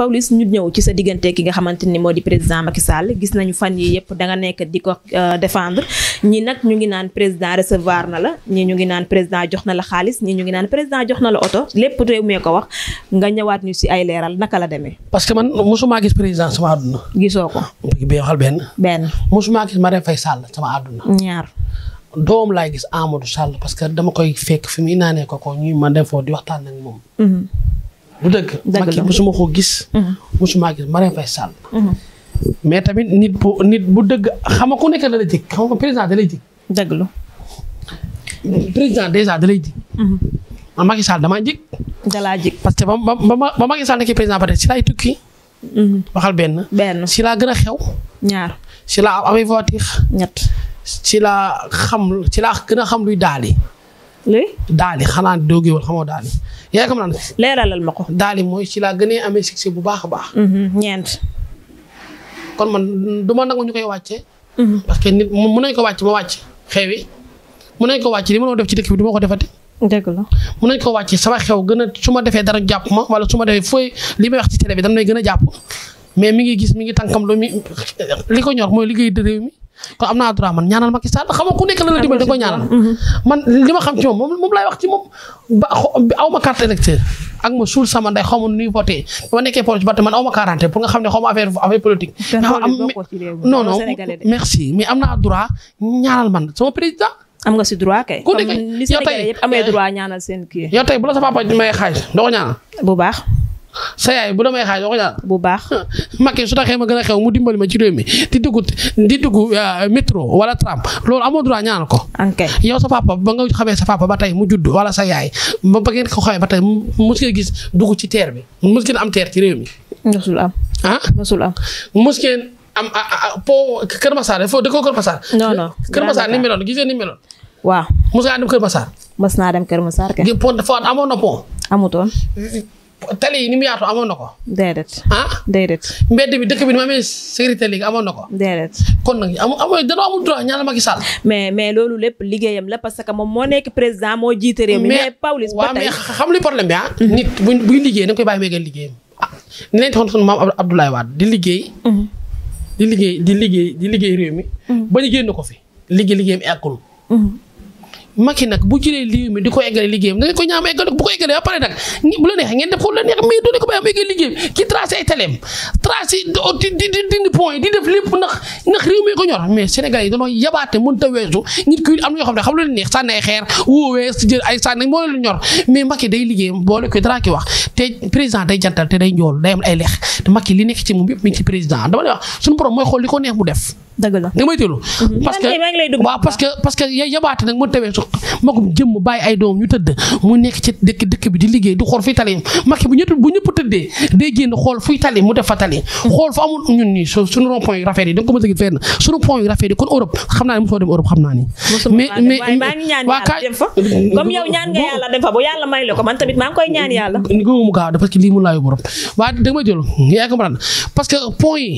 Paulus, ñu ñëw ci sa diggante ki nga xamanteni modi président Macky Sall gis nañu fan yi yépp da nga nekk di ko euh, défendre ñi nak ñu ngi naan président recevoir na la ñi ñu ngi naan président jox na la xaalis ñi ñu ngi naan président jox na la auto lépp réew mee ko wax nga ñëwaat ñu ci ay leeral naka la demee parce que man musuma gis président sama aduna gisoo ko bi waxal ben. Ben. musuma gis Marème Faye Sall sama aduna ñaar doom laay gis Amadou Sall parce que dama koy fekk fi muy ko ko ñuy ma dem di waxtaan ak du dëgg. dëgg Macky mosuma ko gis. Mhm. mosuma gis Marème Faye Sall. Mhm. mais tamit nit bu nit bu dëgg xama ku nekka da lay jëg xam nga président da lay jëg. dëgg dèjà da lay jëg. man Macky Sall damaa jëg. da parce que ba ba ba Macky Sall nekkee président ba tey si laay tukki. Mhm. waxal benn. benn si laa gën a xew. ñaar si laa amee voiture. ñett si laa xam si laa gën a xam luy daali. li daali xanaa dooge wal xamoo daali yaa ngi xam naa. leeralal ma ko. daali mooy ci laa gën gënee amee succès bu baax a baax. Mhm, ñeent. kon man du ma nangu ñu koy wàccee. Mhm. parce que nit mun nañu ko wàcc ma wàcc xewi mun nañu ko wàcc li ma doon def ci dëkk bi du ko defati. dëgg la mun nañu ko wàcce sama xew gën a su ma defee dara jàpp ma wala su ma defee foo li may wax ci télé bi dañu lay gën a jàpp mais mi ngi gis mi ngi tànkam lu mi li ko ñor mooy liggéey réew mi. kon am na droit man ñaanal Macky Sall xam nga ku nekk la la dimbali da ko ñaanal. man li xam ci moom moom laay wax moom ba aw ma pour nga xam ne xaw ma affaire affaire politique. non non merci mais am naa droit ñaanal man sama président. am nga si droit kay. ku nekk yow tey comme bu la sa papa may xaalis doo ñaanal. bu baax. saya bu damay xaaj waxu ñaan bu baax Macky su taxee ma gën xew mu dimbali ma ci réew mi di dugg di dugg métro wala tram lool amo droit ñaan ko yow sa papa ba nga xamee sa papa ba tay mu judd wala sa yaay ba ba ngeen ko xamee ba tay mu ngeen gis dugg ci terre bi mu ngeen am terre ci réew mi rasul am ah rasul am mu am po Kër Massar fo dëkkoo ma Massar non non Kër Massar ni meloon gisee ni meloon waaw mu ngaa dem Kër Massar mas na dem Kër Massar kay pont fo amono pont amuton eh, tali yi ni mu yaatu amoon na ko. déedéet. ah déedéet. mbedd bi dëkk bi ni ma amee sécurité léegi amoon na ko. déedéet. kon nag amu amu danoo amul droit ñaanal Macky Sall. mais mais loolu lépp liggéeyam la parce que moom moo nekk président moo jiite réew mi. mais Pawlish ba tey waaw mais xam li problème bi ah. Mhm. nit buñ buñ liggéey da nga koy bàyyi mégal liggéeyam. ah ni leen di waxoon sunu maam Abdoulaye Wade di liggéey. Mhm. di liggéey di liggéey di liggéey réew mi. Mhm. ba ñu génn ko fi liggéey liggéeyam eggul. Macky nag bu jëlee lii mi di ko eggale liggéeyam da ngeen ko ñaam eggale bu ko eggalee ba pare nag bu la neexee ngeen def ko la neex mais doone ko bàyyi am mais Sénégal yi dañoo yabaate mën ta weesu nit ki am na xam ne neex sànni ay xeer woowee ay sànni moo leen ñor mais Macky day liggéeyam boole ko dara ki wax te président day jantal te day njool day am ay lex te Macky li nekk ci moom yëpp mi ngi président dama lay wax suñu borom mooy xool li ko neex mu def dëgg la nga moytuwul. Mhm. parce que waaw parce que parce que yabaate mu tawee su ay doom ñu tëdd mu nekk ci dëkk dëkk bi di liggéey di xool fuy tali mu def fa tali mhm. xool fa amul ñun nii suñu rond point yu yi da nga kon Europe xam naa ne mosoo dem Europe xam naa ni mais mais ñaan nga yàlla dem fa bu yaa comprendre parce que point yi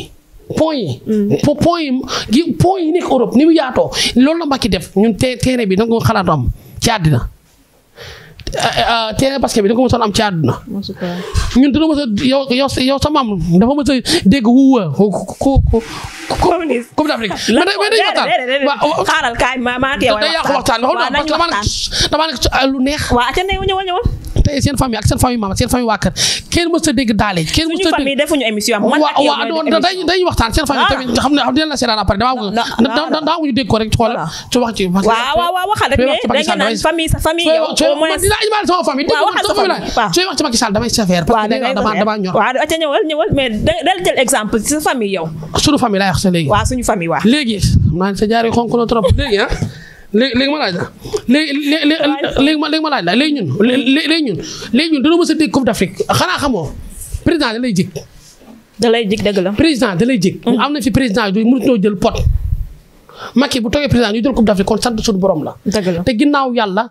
point yi. point yi point yi Europe ni yaatoo loolu la Macky def ñun te terrain bi da nga ko xalaatu am ci àddina terrain basket bi da nga ko mos a am ci àddina. ñun a yow sa maam dafa wuuwa ko ko ko. communiste Coupe d'Afrique. lan moo déedéet xaaral kaay ma ma teewal waxtaan. waaw neex. waaw tey seen famille ak seen famille maam ak seen famille waa kër kenn mës a dégg daale kenn mës a dégg suñu famille defuñu émission man ak yow ñoo def émission dañuy waxtaan seen famille ah. tamit xam ne dina la seetaan après damaa bëgg damaa bëgg dégg ko rek xool ah. ci wax ci waaw waaw waxal rek mais da nga naan famille sa famille yow au moins dinaa imal sama famille waaw waxal sa famille sooy wax ci Macky Sall damay sévère parce que dama dama ñor waaw aca ñëwal ñëwal mais dal jël exemple ci sa famille yow suñu famille laay wax sa léegi waaw suñu famille waaw léegi maa ngi sa jaari xonk na trop léegi ah léegi léegi ma laaj la léegi ma ma laaj la léegi ñun léegi ñun léegi ñun dañoo mës a dégg Coupe d'Afrique xanaa xamoo président da lay jig. da lay jig dëgg la. président da mm. am na fi président yu mënutoo jël pot. Macky bu toogee président ñu jël Coupe d'Afrique kon sant suñu borom la. dëgg la te ginnaaw yàlla.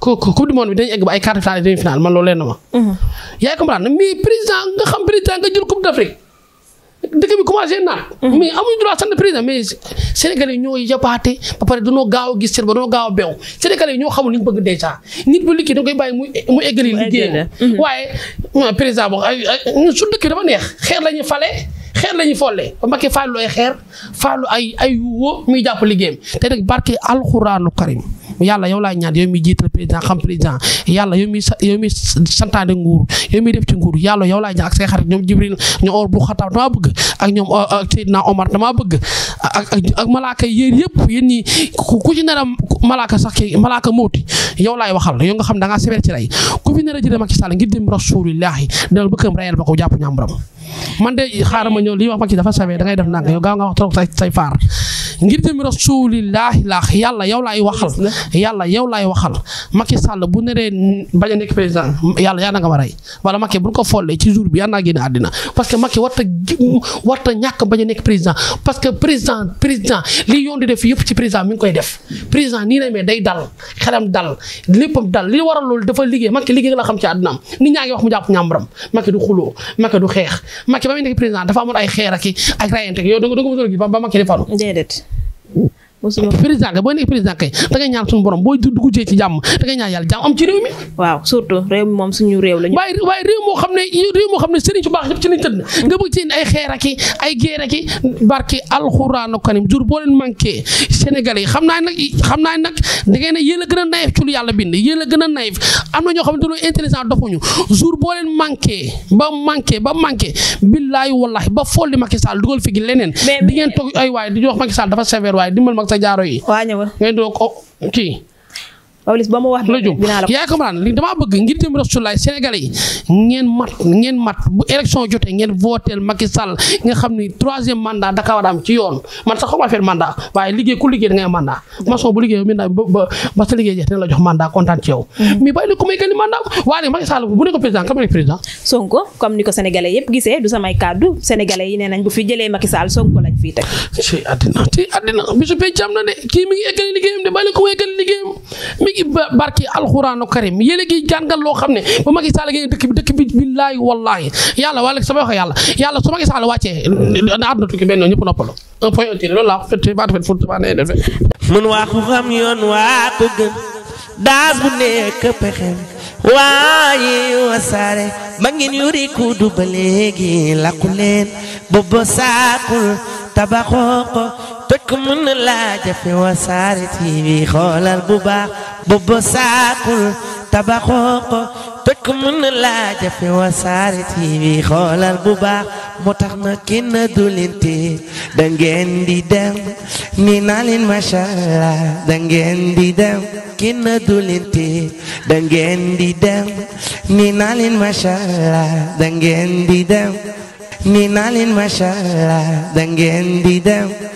coupe du monde bi dañu egg ba ay quart de finale demi finale man loolu leen na ma. Mm-hmm. yaa ngi mais président nga xam président nga jël Coupe d'Afrique. dëkk bi commencé naat. Mhm. mais amuñu droit sant président mais Sénégalais ñoo yabaate ba pare danoo gaaw a gis seen ba danoo gaaw a beew ñoo xamul li ñu bëgg dèjà nit bu liggéey da koy bàyyi mu mu eggali liggéeyam. Mhm. waaye président boo xam su dëkk dafa neex xeer la ñuy fale xeer la ñuy folle ba Macky faalu ay xeer faalu ay ay woo muy jàpp liggéeyam te nag barke alxuraanu karim. yalla yow lay ñaan yow mi jital président xam président yalla yow mi yow mi santane nguur yow mi def ci nguur yalla yow lay ñaan ak say xarit ñom jibril ñu or bu xata dama bëgg ak ñom ak sayyidina omar dama bëgg ak ak malaka yeen yépp yeen ni ku ci naram malaka sax ki malaka moti yow lay waxal yow nga xam da nga sévère ci lay ku fi nara jëre Macky Sall ngir dem rasulullah dal bëkkam rayal bako japp ñam borom man de xaarama ñoo li wax Macky dafa savé da ngay def nak yow gaaw nga wax trop say far ngir dem rasulillahi laax yàlla yow laay waxal yàlla yow laay waxal Macky Sall bu neree bañ a nekk président yàlla yaa na nga ma rey wala Macky bu ñu ko ci jour bi yaa naa génn àddina parce que Macky warta warta ñàkk bañ a nekk président parce que président président li yoon di def yëpp ci président mi ngi koy def président nii na mais day dal xelam dal léppam dal li waral loolu dafa liggéey Macky liggéey la xam ci àddinaam nit ñaa ngi wax mu jàpp ñàmbaram Macky du xuloo Macky du xeex Macky ba muy nekk président dafa ay xeer ak a gis ba Macky Ooh. mosuma eh, président kay boo nekk président kay dangay ñaan suñu borom boo dugg ci jàmm dangay ñaan yàlla jàmm am ci réew mi. waaw surtout réew mi moom suñu réew la waaye réew moo xam ne réew moo xam ne sëriñ ci tëdd. nga bëgg ci ay ay géer yi xam naa nag xam naa nag da ngeen ne yéen gën a naïf ci yàlla bind yéen a gën na ñoo xam ne dañoo intelligent dofuñu jour boo leen ba manqué ba manqué billaahi di ngeen toog ay dafa sévère waay dimbal sa jaaro yi. waa ñëwal ngay doog oh, kii. Pawlish ba mu wax la jum yaa comprendre li dama bëgg ngir dem rasulullah sénégalais yi ngeen mat ngeen mat bu élection jotee ngeen votel Macky Sall nga xam ni troisième mandat da ka war am ci yoon man sax xawma feel mandat waaye liggéey ku liggéey da mandat maçon bu liggéey mandat ba ba sa liggéey jeex la jox mandat kontaan ci yow mhm. mais bàyyi ko may gën mandat waaye Macky Sall bu ne ko président kam nekk président Sonko comme ni ko sénégalais yépp gisee du samay kàddu sénégalais yi nee nañ bu fi jëlee Macky Sall Sonko lañ fii teg ci àddina ci àddina bisu peccam na de kii mi ngi eggali liggéeyam de bàyyi ko may eggali liggéeyam mi ngi barki alxuraanu karim yéen a ngi jàngal loo xam ne ba Macky Sall ngeen dëkk bi dëkk bi billaahi wallaahi yàlla wala sama wax yàlla yàlla su Macky Sall wàccee na àdduna tukki benn ñëpp noppalu un point un tiré loolu laa fet baatu fet furtu baa nee defe mun waa ku xam yoon waa ku gën daas bu nekk pexem waaye wasaare ba ngeen yuri ku du ba léegi làqu leen boobu saakul tabaxoo ko toj ko na laa jafe wasaare TV xoolal bu baax booba saakul tabaxoo ko toj na laa jafe Wassare TV xoolal bu baax moo tax na kenn du leen tee di dem ni naa leen macha allah da ngeen di dem di dem ni naa leen macha allah di dem ni naa leen macha allah di dem